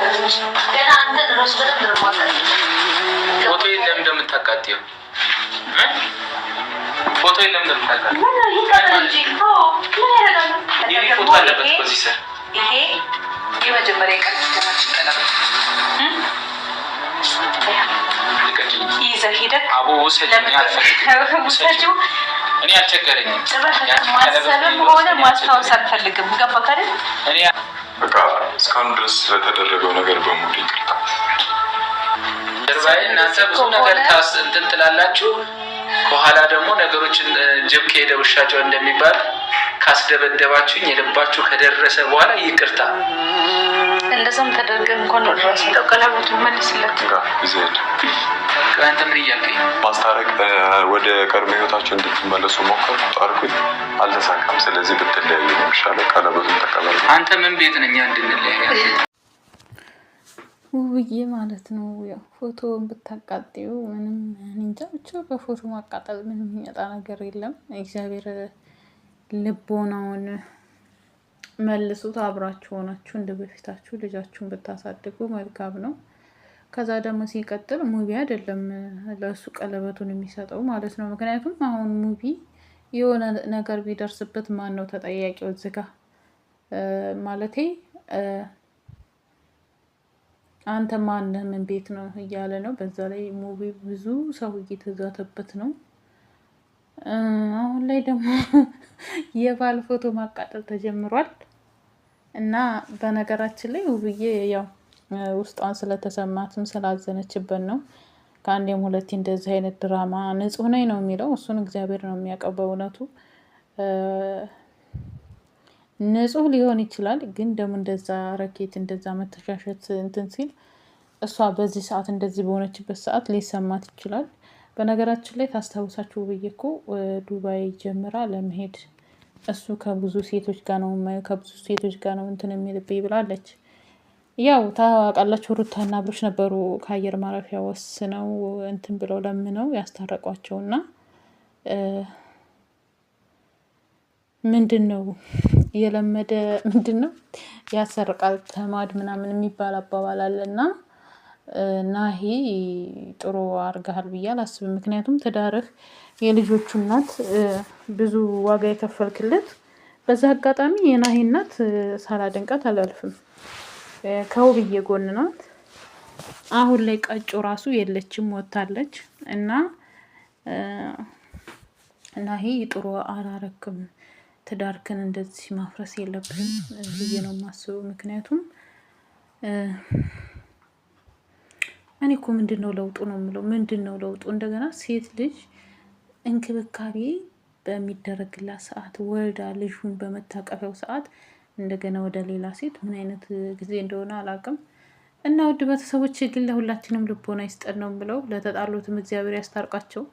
ትችላለች። ገና አንተ ድረስ ምንም ድርሞተ ፎቶ የለም እንደምታቃጥየው ፎቶ የለም እንደምታቃጥየው እኔ አልቸገረኝም። ማሰብም ሆነ ማስታወስ አልፈልግም። ገባህ አይደል? በቃ እስካሁን ድረስ ስለተደረገው ነገር በሙሉ ይቅርታ። ጀርባዬ እናንተ ብዙ ነገር ታስ እንትን ትላላችሁ፣ ከኋላ ደግሞ ነገሮችን ጅብ ከሄደ ውሻቸው እንደሚባል ካስደበደባችሁኝ የልባችሁ ከደረሰ በኋላ ይቅርታ። እንደዛም ተደርገ እንኳን ወደ ራሱ ቀለበቱ መልስለት። አንተ ምን እያልከኝ? ማስታረቅ ወደ ቀድሞ ህይወታቸው እንድትመለሱ ሞከር ጣርኩኝ፣ አልተሳካም። ስለዚህ ብትለያዩ ነው የሚሻለው። ቀለበቱን ተቀበል። አንተ ምን ቤት ነኛ እንድንለያ ውብዬ ማለት ነው። ያው ፎቶውን ብታቃጤው ምንም እንጃ ብቻ በፎቶ ማቃጠል ምንም የሚመጣ ነገር የለም። እግዚአብሔር ልቦናውን መልሱት። አብራችሁ ሆናችሁ እንደ በፊታችሁ ልጃችሁን ብታሳድጉ መልካም ነው። ከዛ ደግሞ ሲቀጥል ሙቪ አይደለም ለእሱ ቀለበቱን የሚሰጠው ማለት ነው። ምክንያቱም አሁን ሙቪ የሆነ ነገር ቢደርስበት ማን ነው ተጠያቂው? ዝጋ ማለቴ አንተ ማንህምን ቤት ነው እያለ ነው። በዛ ላይ ሙቪ ብዙ ሰው እየተዛተበት ነው። አሁን ላይ ደግሞ የባል ፎቶ ማቃጠል ተጀምሯል። እና በነገራችን ላይ ውብዬ ያው ውስጧን ስለተሰማትም ስላዘነችበት ነው። ከአንዴም ሁለቴ እንደዚህ አይነት ድራማ ንጹሕ ነኝ ነው የሚለው እሱን እግዚአብሔር ነው የሚያውቀው። በእውነቱ ንጹህ ሊሆን ይችላል፣ ግን ደግሞ እንደዛ ረኬት እንደዛ መተሻሸት እንትን ሲል እሷ በዚህ ሰዓት እንደዚህ በሆነችበት ሰዓት ሊሰማት ይችላል። በነገራችን ላይ ታስታውሳችሁ ብዬ እኮ ዱባይ ጀምራ ለመሄድ እሱ ከብዙ ሴቶች ጋር ነው ከብዙ ሴቶች ጋር ነው እንትን የሚልብኝ ብላለች። ያው ታውቃላችሁ ሩታና አብሮች ነበሩ ከአየር ማረፊያ ወስነው እንትን ብለው ለምነው ያስታረቋቸውና ምንድን ነው የለመደ ምንድን ነው ያሰርቃል ተማድ ምናምን የሚባል አባባል አለና እና ይሄ ጥሩ አድርገሃል ብዬ አላስብም። ምክንያቱም ትዳርህ የልጆቹ እናት ብዙ ዋጋ የከፈልክለት በዛ አጋጣሚ የናሂ እናት ሳላደንቃት አላልፍም። ከውብዬ ጎን ናት። አሁን ላይ ቀጮ ራሱ የለችም ወታለች። እና ናሂ ጥሩ አላረክም። ትዳርክን እንደዚህ ማፍረስ የለብንም ብዬ ነው የማስበው። ምክንያቱም እኔ እኮ ምንድን ነው ለውጡ ነው የምለው፣ ምንድን ነው ለውጡ? እንደገና ሴት ልጅ እንክብካቤ በሚደረግላት ሰዓት ወልዳ ልጁን በመታቀፊያው ሰዓት እንደገና ወደ ሌላ ሴት ምን አይነት ጊዜ እንደሆነ አላውቅም። እና ውድ ቤተሰቦች ግን ለሁላችንም ልቦና ይስጠን ነው የምለው። ለተጣሉትም እግዚአብሔር ያስታርቃቸው።